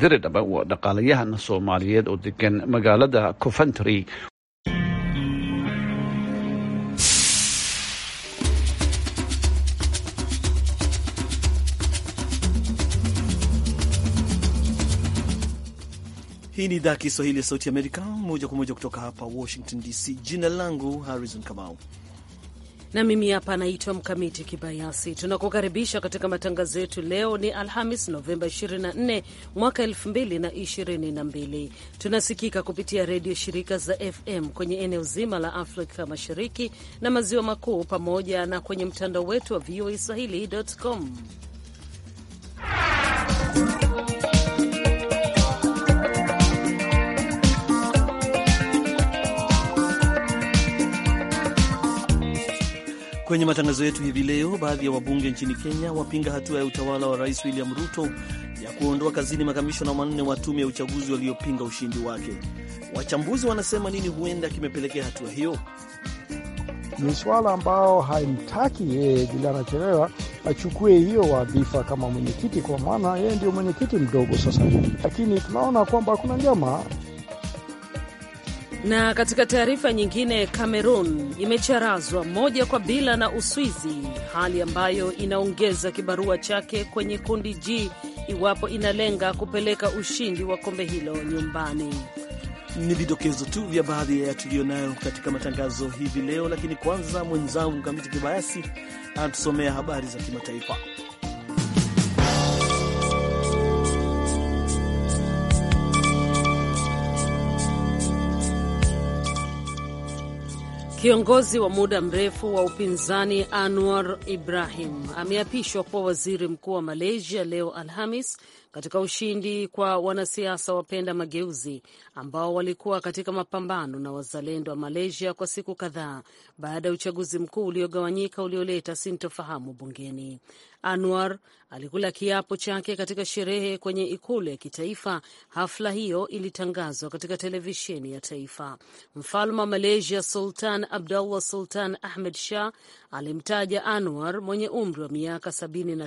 diri diridhaba waa dhaqaalayahana soomaaliyeed oo degan magaalada coventry Hii ni idhaa ya Kiswahili ya Sauti Amerika, moja kwa moja kutoka hapa Washington DC. Jina langu Harrison Kamau na mimi hapa naitwa Mkamiti Kibayasi. Tunakukaribisha katika matangazo yetu. Leo ni Alhamis, Novemba 24 mwaka 2022. Tunasikika kupitia redio shirika za FM kwenye eneo zima la Afrika Mashariki na Maziwa Makuu, pamoja na kwenye mtandao wetu wa VOA Swahili.com. Kwenye matangazo yetu hivi leo, baadhi ya wabunge nchini Kenya wapinga hatua ya utawala wa Rais William Ruto ya kuondoa kazini makamishona wanne wa tume ya uchaguzi waliopinga ushindi wake. Wachambuzi wanasema nini huenda kimepelekea hatua hiyo? Ni swala ambao haimtaki yeye, vile anachelewa achukue hiyo wadhifa kama mwenyekiti, kwa maana yeye ndio mwenyekiti mdogo sasa hivi, lakini tunaona kwamba kuna njama na katika taarifa nyingine, cameron imecharazwa moja kwa bila na Uswizi, hali ambayo inaongeza kibarua chake kwenye kundi G iwapo inalenga kupeleka ushindi wa kombe hilo nyumbani. Ni vidokezo tu vya baadhi ya tuliyonayo katika matangazo hivi leo, lakini kwanza mwenzangu Mkamiti Kibayasi anatusomea habari za kimataifa. Kiongozi wa muda mrefu wa upinzani Anwar Ibrahim ameapishwa kuwa waziri mkuu wa Malaysia leo Alhamis katika ushindi kwa wanasiasa wapenda mageuzi ambao walikuwa katika mapambano na wazalendo wa Malaysia kwa siku kadhaa baada ya uchaguzi mkuu uliogawanyika ulioleta sintofahamu bungeni. Anwar alikula kiapo chake katika sherehe kwenye ikulu ya kitaifa. Hafla hiyo ilitangazwa katika televisheni ya taifa. Mfalme wa Malaysia Sultan Abdullah Sultan Ahmed Shah alimtaja Anwar mwenye umri wa miaka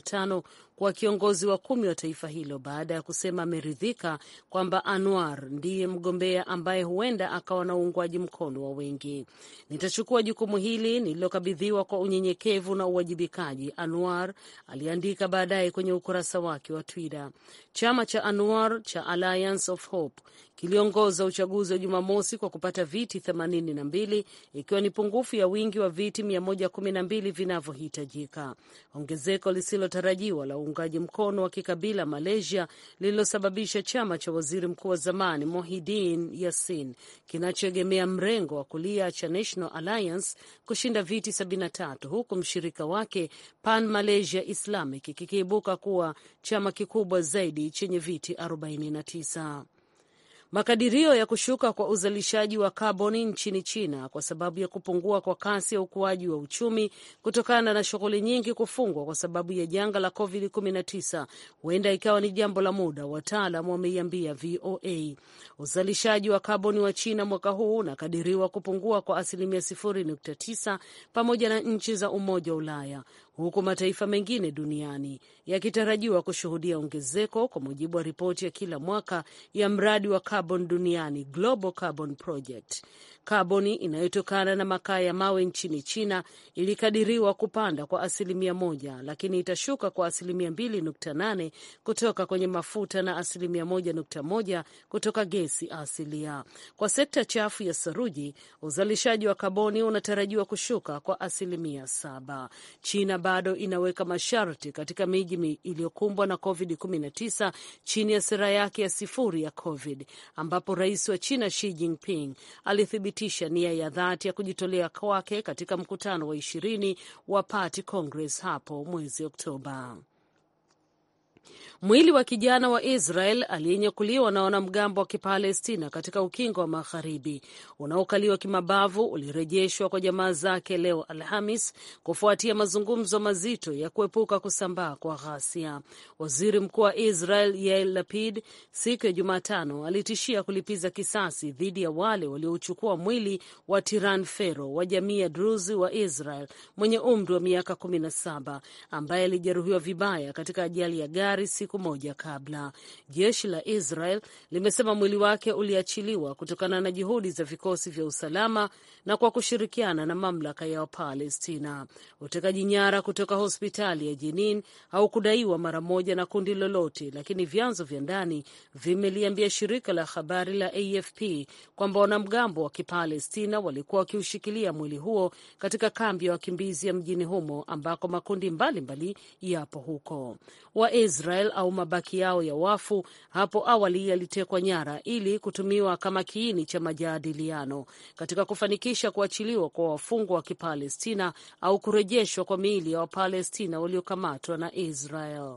tano kuwa kiongozi wa kumi wa taifa hilo baada ya kusema ameridhika kwamba Anwar ndiye mgombea ambaye huenda akawa na uungwaji mkono wa wengi. Nitachukua jukumu hili nililokabidhiwa kwa unyenyekevu na uwajibikaji, Anwar aliandika baadaye kwenye ukurasa wake wa Twitter. Chama cha Anwar cha Alliance of Hope kiliongoza uchaguzi wa Jumamosi kwa kupata viti 82 ikiwa ni pungufu ya wingi wa viti 112 vinavyohitajika. Ongezeko lisilotarajiwa la uungaji mkono wa kikabila Malaysia lililosababisha chama cha waziri mkuu wa zamani Mohidin Yassin kinachoegemea mrengo wa kulia cha National Alliance kushinda viti 73 huku mshirika wake Pan Malaysia Islamic kikiibuka kuwa chama kikubwa zaidi chenye viti 49. Makadirio ya kushuka kwa uzalishaji wa kaboni nchini China kwa sababu ya kupungua kwa kasi ya ukuaji wa uchumi kutokana na shughuli nyingi kufungwa kwa sababu ya janga la COVID-19 huenda ikawa ni jambo la muda, wataalam wameiambia VOA. Uzalishaji wa kaboni wa China mwaka huu unakadiriwa kupungua kwa asilimia 0.9 pamoja na nchi za Umoja wa Ulaya huku mataifa mengine duniani yakitarajiwa kushuhudia ongezeko, kwa mujibu wa ripoti ya kila mwaka ya mradi wa carbon duniani Global Carbon Project. Kaboni inayotokana na makaa ya mawe nchini China ilikadiriwa kupanda kwa asilimia moja, lakini itashuka kwa asilimia mbili nukta nane kutoka kwenye mafuta na asilimia moja nukta moja kutoka gesi asilia. Kwa sekta chafu ya saruji, uzalishaji wa kaboni unatarajiwa kushuka kwa asilimia saba. China bado inaweka masharti katika miji iliyokumbwa na COVID-19 chini ya sera yake ya sifuri ya COVID, ambapo rais wa China Xi Jinping alithibitisha kuthibitisha nia ya dhati ya kujitolea kwake katika mkutano wa ishirini wa Party Congress hapo mwezi Oktoba. Mwili wa kijana wa Israel aliyenyakuliwa na wanamgambo wa Kipalestina katika ukingo wa magharibi unaokaliwa kimabavu ulirejeshwa kwa jamaa zake leo Alhamis kufuatia mazungumzo mazito ya kuepuka kusambaa kwa ghasia. Waziri mkuu wa Israel Yael Lapid siku ya Jumatano alitishia kulipiza kisasi dhidi ya wale waliouchukua mwili wa Tiran Fero wa jamii ya Druzi wa Israel mwenye umri wa miaka 17 ambaye alijeruhiwa vibaya katika ajali ya gari tayari siku moja kabla. Jeshi la Israel limesema mwili wake uliachiliwa kutokana na juhudi za vikosi vya usalama na kwa kushirikiana na mamlaka ya Wapalestina. Utekaji nyara kutoka hospitali ya Jenin haukudaiwa mara moja na kundi lolote, lakini vyanzo vya ndani vimeliambia shirika la habari la AFP kwamba wanamgambo wa Kipalestina walikuwa wakiushikilia mwili huo katika kambi ya wakimbizi ya mjini humo ambako makundi mbalimbali mbali yapo huko wa Israel Israel au mabaki yao ya wafu hapo awali yalitekwa nyara ili kutumiwa kama kiini cha majadiliano katika kufanikisha kuachiliwa kwa wafungwa wa Kipalestina au kurejeshwa kwa miili ya Wapalestina waliokamatwa na Israel.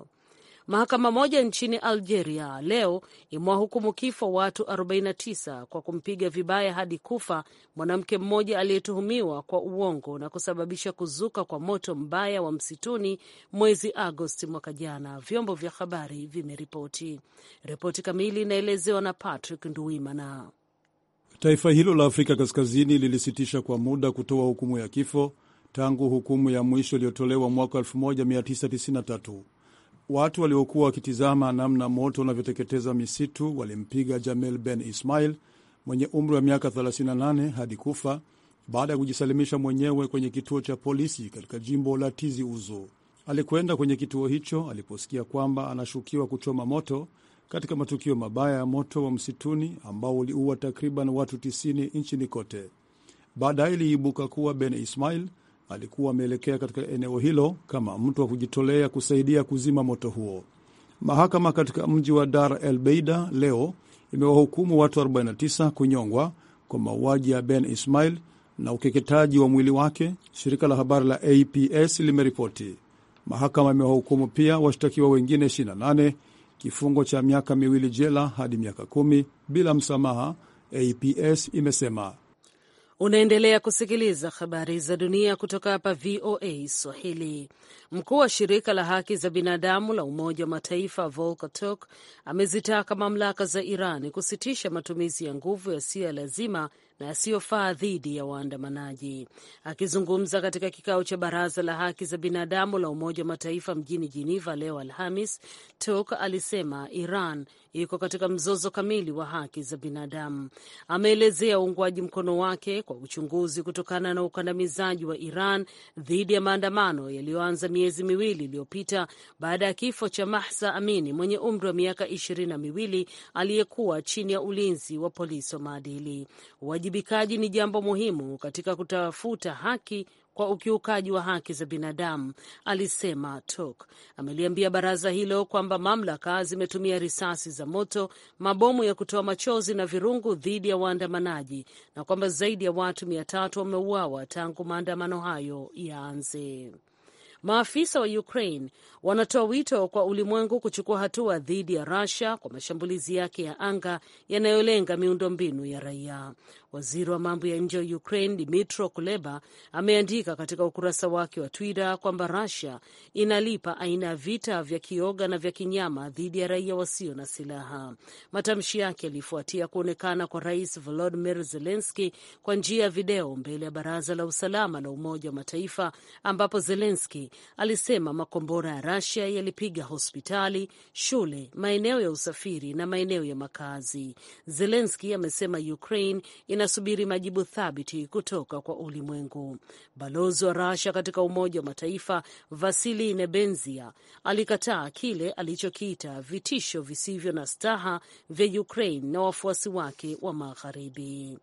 Mahakama moja nchini Algeria leo imewahukumu kifo watu 49 kwa kumpiga vibaya hadi kufa mwanamke mmoja aliyetuhumiwa kwa uongo na kusababisha kuzuka kwa moto mbaya wa msituni mwezi Agosti mwaka jana, vyombo vya habari vimeripoti. Ripoti kamili inaelezewa na Patrick nduimana Taifa hilo la Afrika Kaskazini lilisitisha kwa muda kutoa hukumu ya kifo tangu hukumu ya mwisho iliyotolewa mwaka 1993. Watu waliokuwa wakitizama namna moto unavyoteketeza misitu walimpiga Jamel Ben Ismail mwenye umri wa miaka 38 hadi kufa baada ya kujisalimisha mwenyewe kwenye kituo cha polisi katika jimbo la Tizi Uzu. Alikwenda kwenye kituo hicho aliposikia kwamba anashukiwa kuchoma moto katika matukio mabaya ya moto wa msituni ambao uliua takriban watu 90 nchini kote. Baadaye iliibuka kuwa Ben Ismail alikuwa ameelekea katika eneo hilo kama mtu wa kujitolea kusaidia kuzima moto huo. Mahakama katika mji wa Dar el Beida leo imewahukumu watu 49 kunyongwa kwa mauaji ya Ben Ismail na ukeketaji wa mwili wake, shirika la habari la APS limeripoti. Mahakama imewahukumu pia washtakiwa wengine 28 kifungo cha miaka miwili jela hadi miaka kumi bila msamaha, APS imesema. Unaendelea kusikiliza habari za dunia kutoka hapa VOA Swahili. Mkuu wa shirika la haki za binadamu la Umoja wa Mataifa Volker Turk amezitaka mamlaka za Iran kusitisha matumizi ya nguvu yasiyo ya lazima na yasiyofaa dhidi ya waandamanaji. Akizungumza katika kikao cha baraza la haki za binadamu la Umoja wa Mataifa mjini Jiniva leo Alhamis, Turk alisema Iran iko katika mzozo kamili wa haki za binadamu. Ameelezea uungwaji mkono wake kwa uchunguzi kutokana na ukandamizaji wa Iran dhidi ya maandamano yaliyoanza miezi miwili iliyopita baada ya kifo cha Mahsa Amini mwenye umri wa miaka ishirini na miwili aliyekuwa chini ya ulinzi wa polisi wa maadili. Uwajibikaji ni jambo muhimu katika kutafuta haki kwa ukiukaji wa haki za binadamu, alisema Tok. Ameliambia baraza hilo kwamba mamlaka zimetumia risasi za moto, mabomu ya kutoa machozi na virungu dhidi ya waandamanaji na kwamba zaidi ya watu mia tatu wameuawa tangu maandamano hayo yaanze. Maafisa wa Ukraine wanatoa wito kwa ulimwengu kuchukua hatua dhidi ya Russia kwa mashambulizi yake ya anga yanayolenga miundombinu ya raia. Waziri wa mambo ya nje wa Ukraine Dmytro Kuleba ameandika katika ukurasa wake wa Twitter kwamba Russia inalipa aina ya vita vya kioga na vya kinyama dhidi ya raia wasio na silaha. Matamshi yake yalifuatia kuonekana kwa Rais Volodymyr Zelensky kwa njia ya video mbele ya Baraza la Usalama la Umoja wa Mataifa, ambapo Zelensky alisema makombora ya Russia yalipiga hospitali, shule, maeneo ya usafiri na maeneo ya makazi. Zelensky amesema Ukraine ina inasubiri majibu thabiti kutoka kwa ulimwengu. Balozi wa rasha katika Umoja wa Mataifa Vasili Nebenzia alikataa kile alichokiita vitisho visivyo na staha vya Ukraine na wafuasi wake wa Magharibi.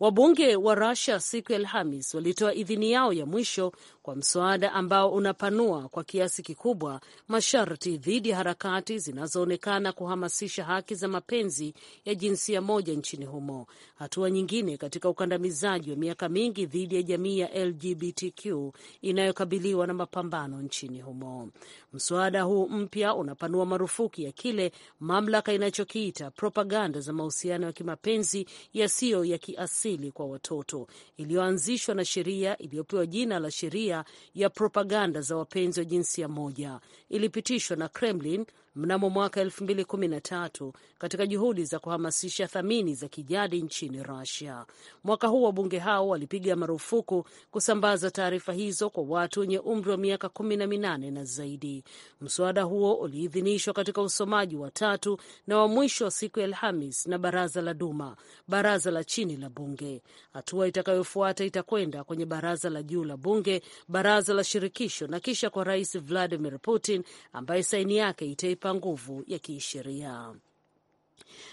Wabunge wa Russia siku ya Alhamis walitoa idhini yao ya mwisho kwa mswada ambao unapanua kwa kiasi kikubwa masharti dhidi ya harakati zinazoonekana kuhamasisha haki za mapenzi ya jinsia moja nchini humo, hatua nyingine katika ukandamizaji wa miaka mingi dhidi ya jamii ya LGBTQ inayokabiliwa na mapambano nchini humo. Mswada huu mpya unapanua marufuku ya kile mamlaka inachokiita propaganda za mahusiano ya kimapenzi yasiyo ya kiasili ukatili kwa watoto iliyoanzishwa na sheria iliyopewa jina la sheria ya propaganda za wapenzi wa jinsia moja ilipitishwa na Kremlin mnamo mwaka 2013 katika juhudi za kuhamasisha thamani za kijadi nchini Russia. Mwaka huu wabunge hao walipiga marufuku kusambaza taarifa hizo kwa watu wenye umri wa miaka 18 na zaidi. Mswada huo uliidhinishwa katika usomaji wa tatu na wa mwisho wa siku ya Alhamis na baraza la Duma, baraza la chini la bunge bunge. Hatua itakayofuata itakwenda kwenye baraza la juu la bunge, baraza la shirikisho na kisha kwa Rais Vladimir Putin ambaye saini yake itaipa nguvu ya kisheria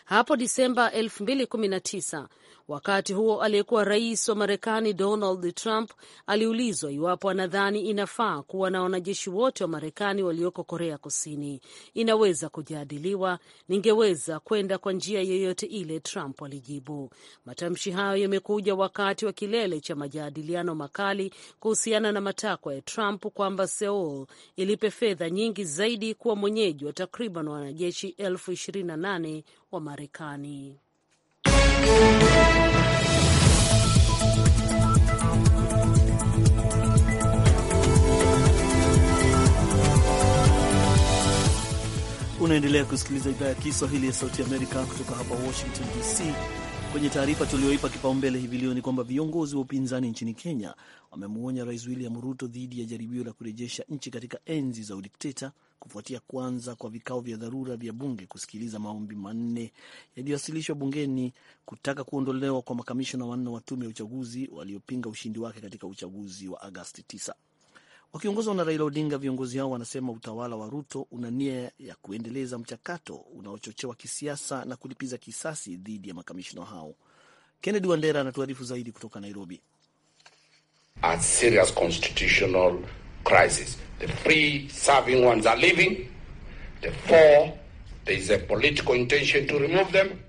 hapo Disemba 2019. Wakati huo aliyekuwa rais wa Marekani Donald Trump aliulizwa iwapo anadhani inafaa kuwa na wanajeshi wote wa Marekani walioko Korea Kusini. Inaweza kujadiliwa, ningeweza kwenda kwa njia yoyote ile, Trump alijibu. Matamshi hayo yamekuja wakati wa kilele cha majadiliano makali kuhusiana na matakwa ya Trump kwamba Seoul ilipe fedha nyingi zaidi kuwa mwenyeji wa takriban wanajeshi elfu 28 wa Marekani. Unaendelea kusikiliza idhaa ya Kiswahili ya Sauti Amerika kutoka hapa Washington DC. Kwenye taarifa tuliyoipa kipaumbele hivi leo ni kwamba viongozi wa upinzani nchini Kenya wamemwonya Rais William Ruto dhidi ya jaribio la kurejesha nchi katika enzi za udikteta kufuatia kwanza kwa vikao vya dharura vya bunge kusikiliza maombi manne yaliyowasilishwa bungeni kutaka kuondolewa kwa makamishona wanne wa tume ya uchaguzi waliopinga ushindi wake katika uchaguzi wa Agasti 9. Wakiongozwa na Raila Odinga, viongozi hao wanasema utawala wa Ruto una nia ya kuendeleza mchakato unaochochewa kisiasa na kulipiza kisasi dhidi ya makamishina hao. Kennedy Wandera anatuarifu zaidi kutoka Nairobi. A serious constitutional crisis. The three serving ones are leaving. The four, there is a political intention to remove them.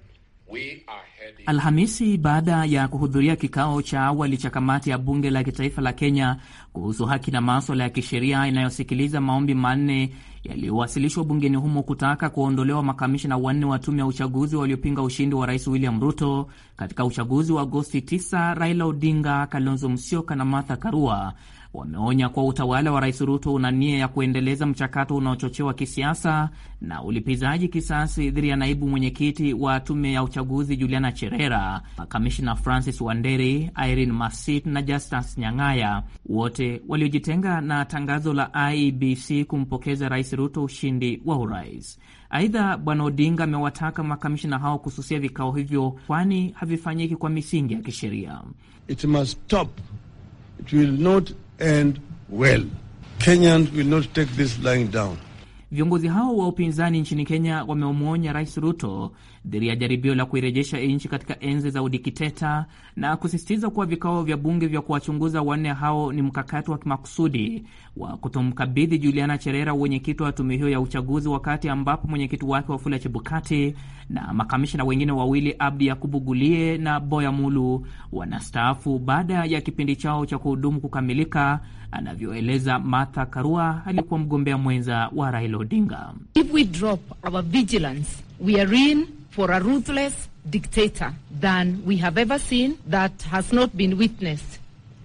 Alhamisi baada ya kuhudhuria kikao cha awali cha kamati ya bunge la kitaifa la Kenya kuhusu haki na maswala ya kisheria inayosikiliza maombi manne yaliyowasilishwa bungeni humo kutaka kuondolewa makamishina wanne wa tume ya uchaguzi waliopinga ushindi wa Rais William Ruto katika uchaguzi wa Agosti 9, Raila Odinga, Kalonzo Musyoka na Martha Karua wameonya kuwa utawala wa Rais Ruto una nia ya kuendeleza mchakato unaochochewa kisiasa na ulipizaji kisasi dhidi ya naibu mwenyekiti wa tume ya uchaguzi Juliana Cherera, makamishina Francis Wanderi, Irene Masit na Justus Nyang'aya, wote waliojitenga na tangazo la IEBC kumpokeza Rais Ruto ushindi wa urais. Aidha, Bwana Odinga amewataka makamishina hao kususia vikao hivyo, kwani havifanyiki kwa misingi ya kisheria. It must stop. It will not and well. Kenyans will not take this lying down. Viongozi hao wa upinzani nchini Kenya wamemwonya Rais Ruto dhidi ya jaribio la kuirejesha nchi katika enzi za udikiteta na kusisitiza kuwa vikao vya bunge vya kuwachunguza wanne hao ni mkakati wa kimakusudi wa kutomkabidhi Juliana Cherera wenyekiti wa tume hiyo ya uchaguzi, wakati ambapo mwenyekiti wake Wafula Chebukati na makamishina wengine wawili Abdi Yakubu Gulie na Boya Mulu wanastaafu baada ya kipindi chao cha kuhudumu kukamilika, anavyoeleza Martha Karua aliyekuwa mgombea mwenza wa Raila Odinga. If we drop our vigilance, we are in for a ruthless dictator than we have ever seen that has not been witnessed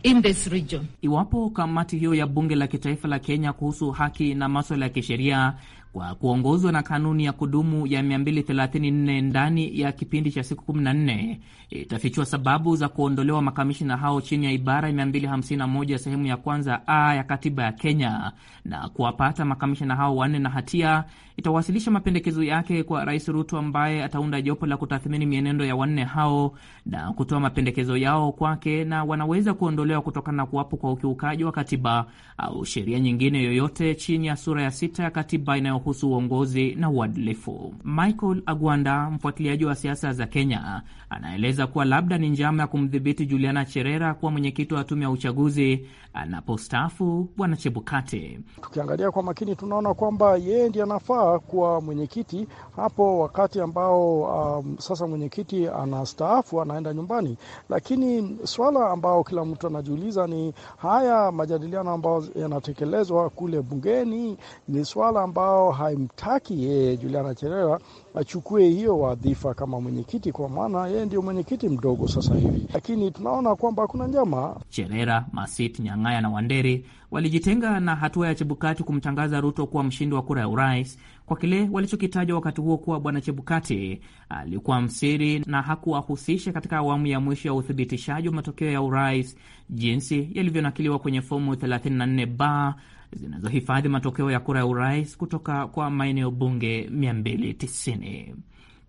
in this region. Iwapo kamati hiyo ya bunge la kitaifa la Kenya kuhusu haki na maswala ya kisheria kwa kuongozwa na kanuni ya kudumu ya 234 ndani ya kipindi cha siku 14 itafichua sababu za kuondolewa makamishina hao chini ya ibara 251 sehemu ya kwanza a ya katiba ya Kenya, na kuwapata makamishina hao wanne na hatia itawasilisha mapendekezo yake kwa Rais Ruto ambaye ataunda jopo la kutathmini mienendo ya wanne hao na kutoa mapendekezo yao kwake, na wanaweza kuondolewa kutokana na kuwapo kwa ukiukaji wa katiba au sheria nyingine yoyote chini ya sura ya sita ya katiba inayo kuhusu uongozi na uadilifu. Michael Agwanda, mfuatiliaji wa siasa za Kenya, anaeleza kuwa labda ni njama ya kumdhibiti Juliana Cherera kuwa mwenyekiti wa tume ya uchaguzi anapostaafu Bwana Chebukati. Tukiangalia kwa makini, tunaona kwamba yeye ndiye anafaa kuwa mwenyekiti hapo wakati ambao um, sasa mwenyekiti anastaafu, anaenda nyumbani. Lakini swala ambao kila mtu anajiuliza ni haya majadiliano ambayo yanatekelezwa kule bungeni, ni swala ambao haimtaki yeye Juliana Cherera achukue hiyo wadhifa kama mwenyekiti, kwa maana yeye ndio mwenyekiti mdogo sasa hivi, lakini tunaona kwamba kuna njama. Cherera, Masit, Nyang'aya na Wanderi walijitenga na hatua ya Chebukati kumtangaza Ruto kuwa mshindi wa kura ya urais kwa kile walichokitaja wakati huo kuwa Bwana Chebukati alikuwa msiri na hakuwahusisha katika awamu ya mwisho ya uthibitishaji wa matokeo ya urais jinsi yalivyonakiliwa kwenye fomu 34 ba zinazohifadhi matokeo ya kura ya urais kutoka kwa maeneo bunge 290.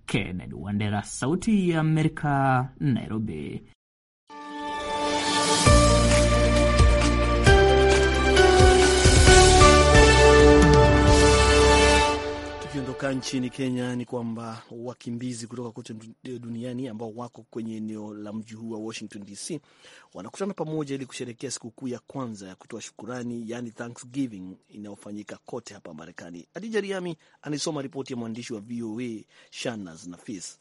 Kennedy Wandera, Sauti ya Amerika, Nairobi. Tukiondoka nchini Kenya, ni kwamba wakimbizi kutoka kote duniani ambao wako kwenye eneo la mji huu wa Washington DC wanakutana pamoja ili kusherekea sikukuu ya kwanza ya kutoa shukurani, yani Thanksgiving, inayofanyika kote hapa Marekani. Adija Riami anaisoma ripoti ya mwandishi wa VOA Shanas Nafis.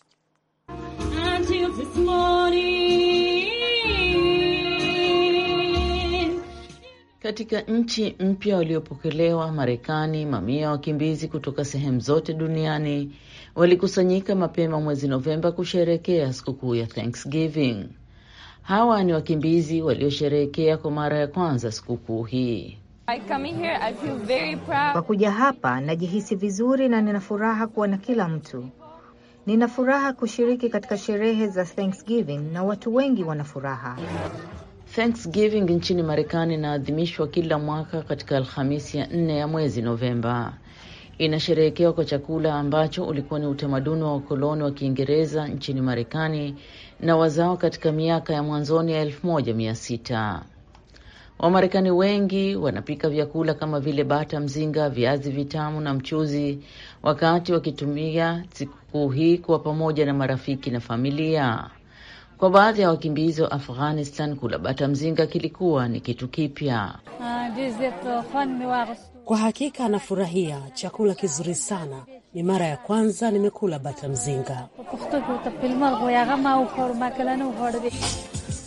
Katika nchi mpya waliopokelewa Marekani, mamia ya wakimbizi kutoka sehemu zote duniani walikusanyika mapema mwezi Novemba kusherekea sikukuu ya Thanksgiving. Hawa ni wakimbizi waliosherehekea kwa mara ya kwanza sikukuu hii. Kwa kuja hapa najihisi vizuri na nina furaha kuwa na kila mtu. Nina furaha kushiriki katika sherehe za Thanksgiving na watu wengi wana furaha. Thanksgiving nchini Marekani inaadhimishwa kila mwaka katika Alhamisi ya nne ya mwezi Novemba. Inasherehekewa kwa chakula ambacho ulikuwa ni utamaduni wa wakoloni wa Kiingereza nchini Marekani na wazao katika miaka ya mwanzoni ya elfu moja mia sita. Wamarekani wengi wanapika vyakula kama vile bata mzinga, viazi vitamu na mchuzi, wakati wakitumia sikukuu hii kuwa pamoja na marafiki na familia. Kwa baadhi ya wakimbizi wa Afghanistan, kula bata mzinga kilikuwa ni kitu kipya. Ah, Kwa hakika anafurahia chakula kizuri sana. Ni mara ya kwanza nimekula bata mzinga.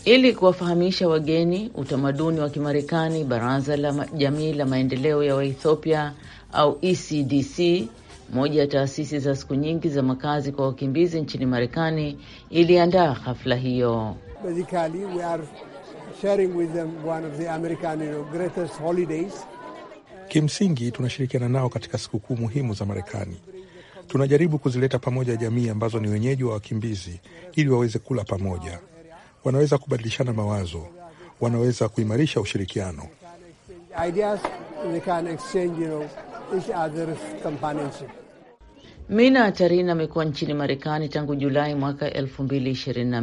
Ili kuwafahamisha wageni utamaduni wa Kimarekani, baraza la jamii la maendeleo ya Waethiopia au ECDC moja ya taasisi za siku nyingi za makazi kwa wakimbizi nchini Marekani iliandaa hafla hiyo. Kimsingi, tunashirikiana nao katika sikukuu muhimu za Marekani. Tunajaribu kuzileta pamoja jamii ambazo ni wenyeji wa wakimbizi ili waweze kula pamoja. Wanaweza kubadilishana mawazo, wanaweza kuimarisha ushirikiano. Ideas, they can exchange, you know, each other's companionship. Mina Tarina amekuwa nchini Marekani tangu Julai mwaka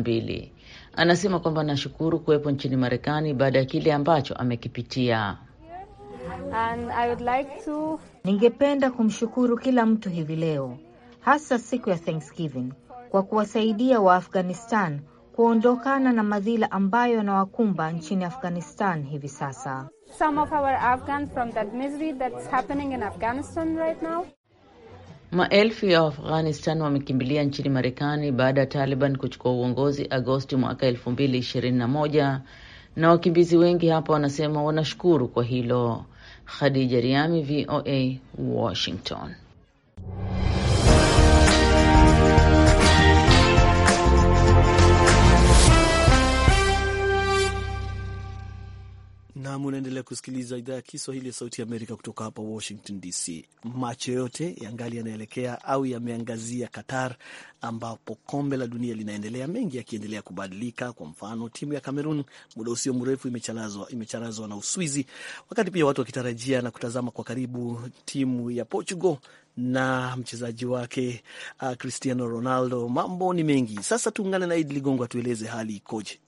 mbili. Anasema kwamba anashukuru kuwepo nchini Marekani baada ya kile ambacho amekipitia. And I would like to... ningependa kumshukuru kila mtu hivi leo, hasa siku ya Thanksgiving kwa kuwasaidia wa Afghanistan kuondokana na madhila ambayo yanawakumba nchini Afghanistan hivi sasa. Some of our Afghans from that misery that's happening in Afghanistan right now. Maelfu ya Waafghanistan wamekimbilia nchini Marekani baada ya Taliban kuchukua uongozi Agosti mwaka elfu mbili ishirini na moja na wakimbizi wengi hapa wanasema wanashukuru kwa hilo. Khadija Riami, VOA, Washington. Nam, unaendelea kusikiliza idhaa ya Kiswahili ya Sauti ya Amerika kutoka hapa Washington DC. Macho yote yangali yanaelekea au yameangazia Qatar, ambapo kombe la dunia linaendelea, mengi yakiendelea kubadilika. Kwa mfano, timu ya Cameroon muda usio mrefu imecharazwa imecharazwa na Uswizi, wakati pia watu wakitarajia na kutazama kwa karibu timu ya Portugal na mchezaji wake uh, Cristiano Ronaldo. Mambo ni mengi. Sasa tuungane na Idi Ligongo atueleze hali ikoje.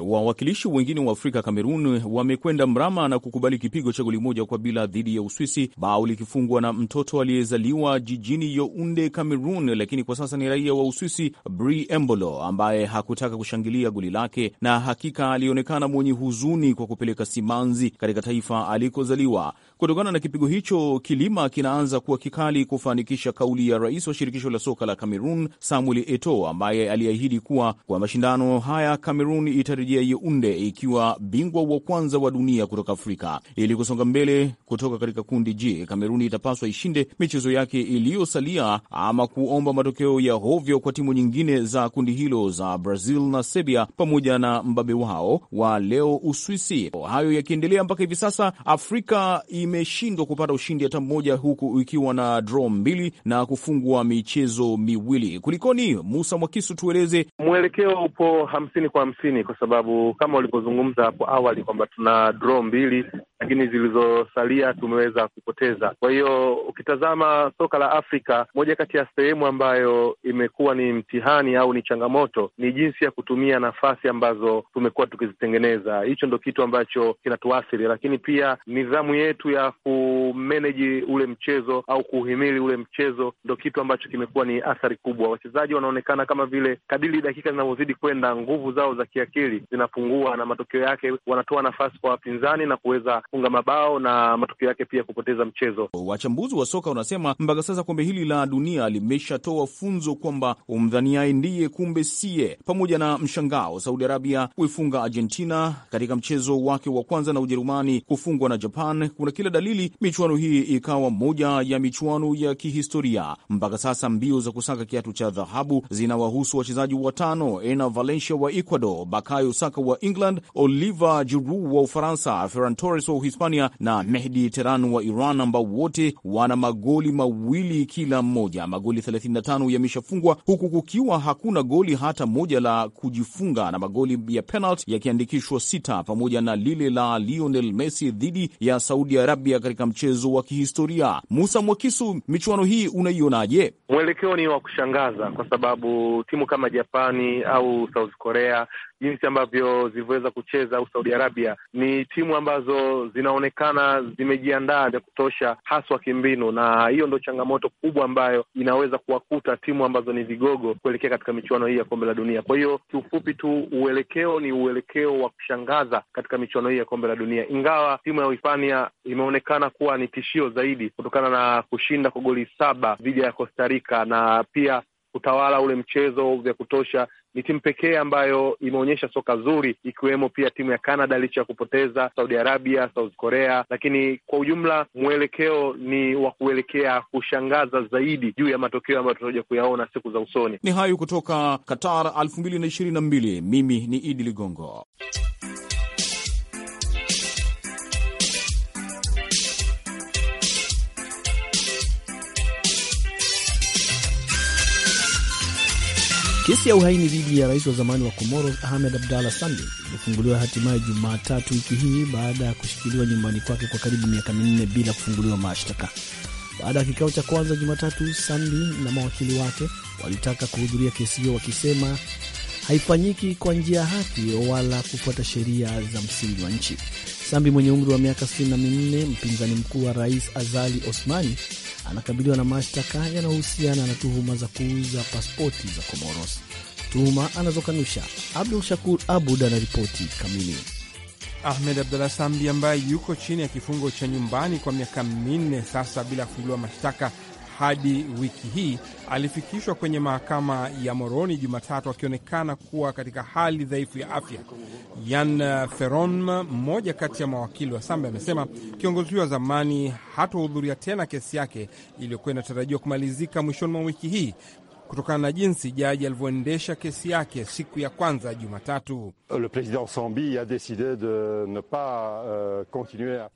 Wawakilishi wengine wa Afrika, Kamerun, wamekwenda mrama na kukubali kipigo cha goli moja kwa bila dhidi ya Uswisi, bao likifungwa na mtoto aliyezaliwa jijini younde Kamerun, lakini kwa sasa ni raia wa Uswisi, Bri Embolo, ambaye hakutaka kushangilia goli lake na hakika alionekana mwenye huzuni kwa kupeleka simanzi katika taifa alikozaliwa. Kutokana na kipigo hicho, kilima kinaanza kuwa kikali kufanikisha kauli ya rais wa shirikisho la soka la Cameroon Samuel eto ambaye aliahidi kuwa kwa mashindano haya Cameroon itarejea yeunde ikiwa bingwa wa kwanza wa dunia kutoka Afrika. Ili kusonga mbele kutoka katika kundi G, Cameroon itapaswa ishinde michezo yake iliyosalia ama kuomba matokeo ya hovyo kwa timu nyingine za kundi hilo za Brazil na Serbia pamoja na mbabe wao wa leo Uswisi. Hayo yakiendelea mpaka hivi sasa Afrika imeshindwa kupata ushindi hata mmoja, huku ikiwa na draw mbili na kufungwa michezo miwili. Kulikoni Musa Mwakisu, tueleze. Mwelekeo upo hamsini kwa hamsini kwa sababu kama ulivyozungumza hapo awali kwamba tuna draw mbili lakini zilizosalia tumeweza kupoteza. Kwa hiyo ukitazama soka la Afrika, moja kati ya sehemu ambayo imekuwa ni mtihani au ni changamoto ni jinsi ya kutumia nafasi ambazo tumekuwa tukizitengeneza. Hicho ndo kitu ambacho kinatuathiri, lakini pia nidhamu yetu ya kumeneji ule mchezo au kuuhimiri ule mchezo ndo kitu ambacho kimekuwa ni athari kubwa. Wachezaji wanaonekana kama vile kadiri dakika zinavyozidi kwenda, nguvu zao za kiakili zinapungua, na matokeo yake wanatoa nafasi kwa wapinzani na kuweza kufunga mabao na matokeo yake pia kupoteza mchezo. Wachambuzi wa soka wanasema mpaka sasa kombe hili la dunia limeshatoa funzo kwamba umdhaniaye ndiye kumbe sie pamoja na mshangao Saudi Arabia kuifunga Argentina katika mchezo wake wa kwanza na Ujerumani kufungwa na Japan. Kuna kila dalili michuano hii ikawa moja ya michuano ya kihistoria. Mpaka sasa mbio za kusaka kiatu cha dhahabu zinawahusu wachezaji watano: Ena Valencia wa Ecuador, Bakayo Saka wa England, Oliver Giroud wa Ufaransa, Ferran Torres wa Uhispania na Mehdi Teran wa Iran, ambao wote wana magoli mawili kila mmoja, magoli 35 yameshafungwa, huku kukiwa hakuna goli hata moja la kujifunga na magoli ya penalti yakiandikishwa sita, pamoja na lile la Lionel Messi dhidi ya Saudi Arabia katika mchezo wa kihistoria. Musa Mwakisu, michuano hii unaionaje? Mwelekeo ni wa kushangaza kwa sababu timu kama Japani au South Korea jinsi ambavyo zilivyoweza kucheza au Saudi Arabia, ni timu ambazo zinaonekana zimejiandaa vya kutosha, haswa kimbinu, na hiyo ndo changamoto kubwa ambayo inaweza kuwakuta timu ambazo ni vigogo kuelekea katika michuano hii ya kombe la dunia. Kwa hiyo kiufupi tu, uelekeo ni uelekeo wa kushangaza katika michuano hii ya kombe la dunia, ingawa timu ya Uhispania imeonekana kuwa ni tishio zaidi kutokana na kushinda kwa goli saba dhidi ya Costa Rica na pia kutawala ule mchezo vya kutosha. Ni timu pekee ambayo imeonyesha soka zuri, ikiwemo pia timu ya Canada licha ya kupoteza Saudi Arabia, South Korea, lakini kwa ujumla mwelekeo ni wa kuelekea kushangaza zaidi juu ya matokeo ambayo tunakuja kuyaona siku za usoni. Ni hayo kutoka Qatar elfu mbili na ishirini na mbili. Mimi ni Idi Ligongo. Kesi ya uhaini dhidi ya rais wa zamani wa Komoro Ahmed Abdallah Sande ilifunguliwa hatimaye Jumatatu wiki hii baada ya kushikiliwa nyumbani kwake kwa karibu miaka minne bila kufunguliwa mashtaka. Baada ya kikao cha kwanza Jumatatu, Sandi na mawakili wake walitaka kuhudhuria kesi hiyo wakisema haifanyiki kwa njia ya haki wala kufuata sheria za msingi wa nchi. Sambi mwenye umri wa miaka 64, mpinzani mkuu wa rais Azali Osmani, anakabiliwa na mashtaka yanayohusiana na tuhuma za kuuza paspoti za Komoros, tuhuma anazokanusha. Abdul Shakur Abud anaripoti kamili. Ahmed Abdallah Sambi ambaye yuko chini ya kifungo cha nyumbani kwa miaka minne sasa bila kufunguliwa mashtaka hadi wiki hii. Alifikishwa kwenye mahakama ya Moroni Jumatatu akionekana kuwa katika hali dhaifu ya afya. Yan Feron, mmoja kati ya mawakili wa Sambe, amesema kiongozi huyo wa zamani hatohudhuria tena kesi yake iliyokuwa inatarajiwa kumalizika mwishoni mwa wiki hii kutokana na jinsi jaji alivyoendesha kesi yake siku ya kwanza Jumatatu. Euh,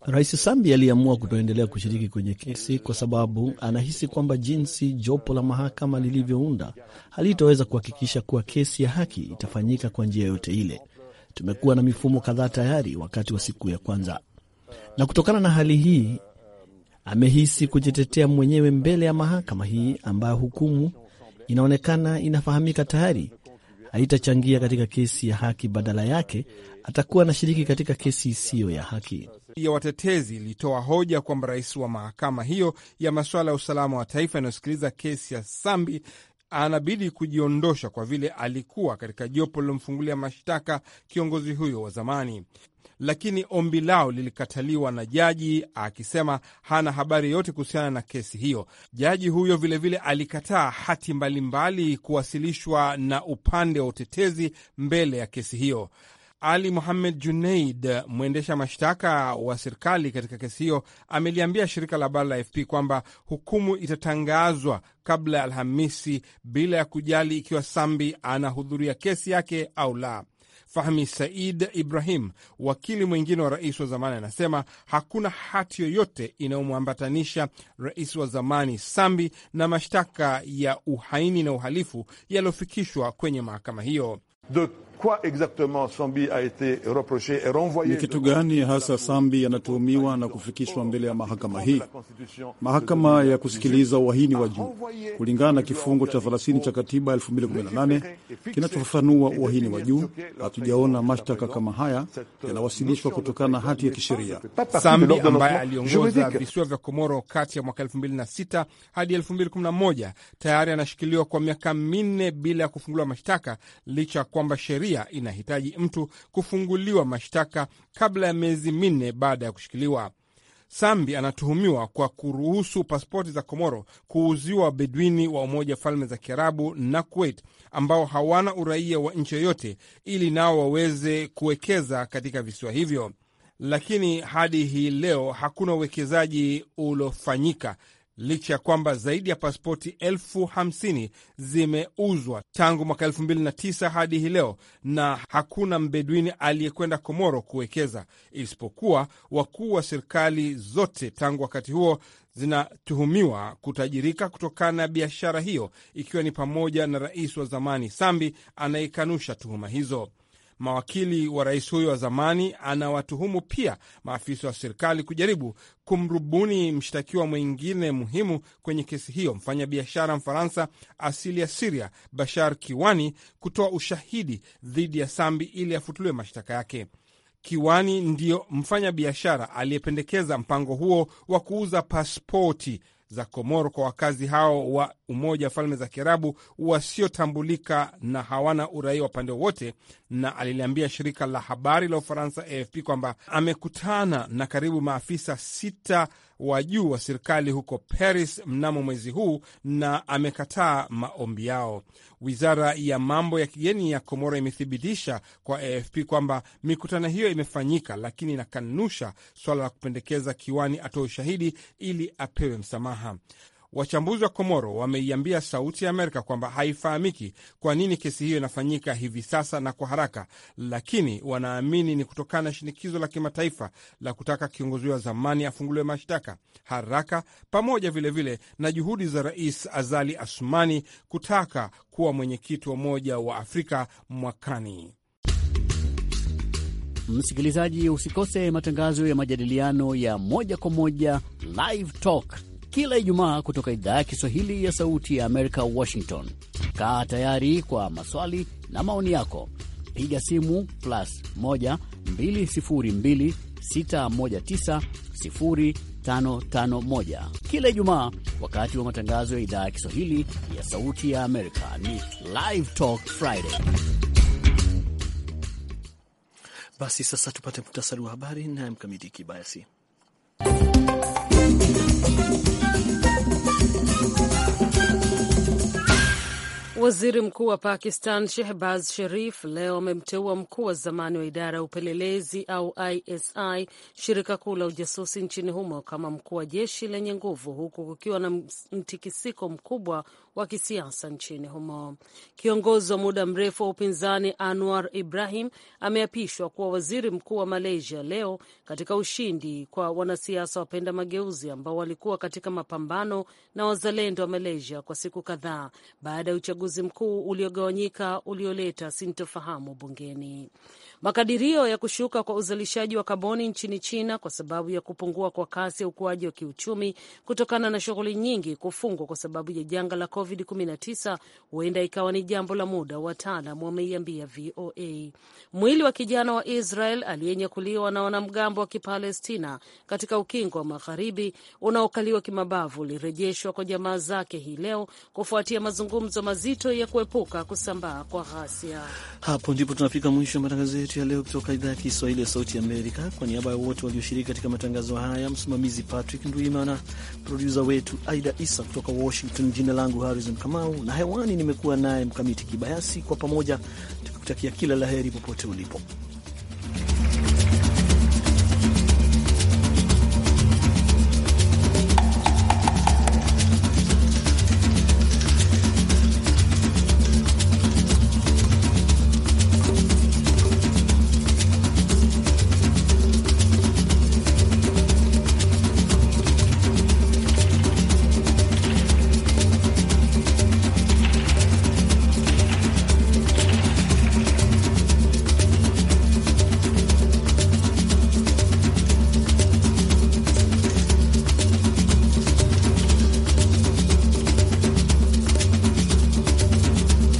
Rais Sambi aliamua kutoendelea kushiriki kwenye kesi kwa sababu anahisi kwamba jinsi jopo la mahakama lilivyounda halitaweza kuhakikisha kuwa kesi ya haki itafanyika kwa njia yoyote ile. Tumekuwa na mifumo kadhaa tayari wakati wa siku ya kwanza, na kutokana na hali hii amehisi kujitetea mwenyewe mbele ya mahakama hii ambayo hukumu inaonekana inafahamika tayari, haitachangia katika kesi ya haki, badala yake atakuwa anashiriki katika kesi isiyo ya haki ya watetezi ilitoa hoja kwamba rais wa mahakama hiyo ya masuala ya usalama wa taifa inayosikiliza kesi ya Sambi anabidi kujiondosha kwa vile alikuwa katika jopo lilomfungulia mashtaka kiongozi huyo wa zamani lakini ombi lao lilikataliwa na jaji akisema hana habari yote kuhusiana na kesi hiyo. Jaji huyo vilevile vile alikataa hati mbalimbali mbali kuwasilishwa na upande wa utetezi mbele ya kesi hiyo. Ali muhamed Juneid, mwendesha mashtaka wa serikali katika kesi hiyo, ameliambia shirika la habari la fp kwamba hukumu itatangazwa kabla ya Alhamisi bila ya kujali ikiwa Sambi anahudhuria kesi yake au la. Fahmi Said Ibrahim, wakili mwingine wa rais wa zamani, anasema hakuna hati yoyote inayomwambatanisha rais wa zamani Sambi na mashtaka ya uhaini na uhalifu yaliyofikishwa kwenye mahakama hiyo. The Quoi exactement Sambi a été reproché et renvoyé? Ni kitu gani hasa Sambi anatuhumiwa na kufikishwa mbele ya mahakama hii, mahakama ya kusikiliza uhaini wa juu, kulingana na kifungu cha 30 cha katiba 2018 kinachofafanua uhaini wa juu? Hatujaona mashtaka kama haya yanawasilishwa kutokana na hati ya kisheria. Sambi ambaye aliongoza visiwa vya Komoro kati ya mwaka 2006 hadi 2011 tayari anashikiliwa kwa miaka minne bila ya kufunguliwa mashtaka licha ya kwamba sheria sheria inahitaji mtu kufunguliwa mashtaka kabla ya miezi minne baada ya kushikiliwa. Sambi anatuhumiwa kwa kuruhusu pasipoti za Komoro kuuziwa wabedwini wa Umoja wa Falme za Kiarabu na Kuwait ambao hawana uraia wa nchi yoyote, ili nao waweze kuwekeza katika visiwa hivyo. Lakini hadi hii leo hakuna uwekezaji uliofanyika licha ya kwamba zaidi ya pasipoti elfu hamsini zimeuzwa tangu mwaka 2009 hadi hii leo, na hakuna mbedwini aliyekwenda Komoro kuwekeza, isipokuwa wakuu wa serikali zote tangu wakati huo zinatuhumiwa kutajirika kutokana na biashara hiyo, ikiwa ni pamoja na rais wa zamani Sambi anayekanusha tuhuma hizo. Mawakili wa rais huyo wa zamani anawatuhumu pia maafisa wa serikali kujaribu kumrubuni mshtakiwa mwingine muhimu kwenye kesi hiyo, mfanyabiashara Mfaransa asili ya Siria Bashar Kiwani, kutoa ushahidi dhidi ya Sambi ili afutuliwe mashtaka yake. Kiwani ndiyo mfanyabiashara aliyependekeza mpango huo wa kuuza pasipoti za Komoro kwa wakazi hao wa Umoja wa Falme za Kiarabu wasiotambulika na hawana uraia wa pande wowote, na aliliambia shirika la habari la Ufaransa AFP kwamba amekutana na karibu maafisa sita wa juu wa serikali huko Paris mnamo mwezi huu na amekataa maombi yao. Wizara ya mambo ya kigeni ya Komoro imethibitisha kwa AFP kwamba mikutano hiyo imefanyika, lakini inakanusha swala la kupendekeza Kiwani atoe ushahidi ili apewe msamaha. Wachambuzi wa Komoro wameiambia Sauti ya Amerika kwamba haifahamiki kwa nini kesi hiyo inafanyika hivi sasa na kwa haraka, lakini wanaamini ni kutokana na shinikizo la kimataifa la kutaka kiongozi wa zamani afunguliwe mashtaka haraka, pamoja vilevile vile na juhudi za Rais Azali Asumani kutaka kuwa mwenyekiti wa Umoja wa Afrika mwakani. Msikilizaji, usikose matangazo ya majadiliano ya moja kwa moja Live Talk kila Ijumaa kutoka idhaa ya Kiswahili ya Sauti ya Amerika, Washington. Kaa tayari kwa maswali na maoni yako, piga simu plus 1 kila Ijumaa wakati wa matangazo ya idhaa ya Kiswahili ya Sauti ya Amerika. Ni Live Talk Friday. Basi sasa tupate muhtasari wa habari naye Mkamiti Kibayasi. Waziri Mkuu wa Pakistan Shehbaz Sharif leo amemteua mkuu wa zamani wa idara ya upelelezi au ISI, shirika kuu la ujasusi nchini humo, kama mkuu wa jeshi lenye nguvu, huku kukiwa na mtikisiko mkubwa wa kisiasa nchini humo. Kiongozi wa muda mrefu wa upinzani Anwar Ibrahim ameapishwa kuwa waziri mkuu wa Malaysia leo katika ushindi kwa wanasiasa wapenda mageuzi ambao walikuwa katika mapambano na wazalendo wa Malaysia kwa siku kadhaa baada ya uchaguzi mkuu uliogawanyika ulioleta sintofahamu bungeni. Makadirio ya kushuka kwa uzalishaji wa kaboni nchini China kwa sababu ya kupungua kwa kasi ya ukuaji wa kiuchumi kutokana na shughuli nyingi kufungwa kwa sababu ya janga la COVID COVID-19 huenda ikawa ni jambo la muda, wataalam wameiambia VOA. Mwili wa kijana wa Israel aliyenyakuliwa na wanamgambo wa Kipalestina katika ukingo wa magharibi unaokaliwa kimabavu ulirejeshwa kwa jamaa zake hii leo kufuatia mazungumzo mazito ya kuepuka kusambaa kwa ghasia. Hapo ndipo tunafika mwisho wa matangazo yetu ya leo kutoka idhaa ya Kiswahili ya Sauti Amerika. Kwa niaba ya wote walioshiriki katika matangazo haya, msimamizi Patrick Nduimana, produsa wetu Aida Isa kutoka Washington, jina langu Harrison Kamau, na hewani nimekuwa naye Mkamiti Kibayasi. Kwa pamoja tukikutakia kila laheri popote ulipo.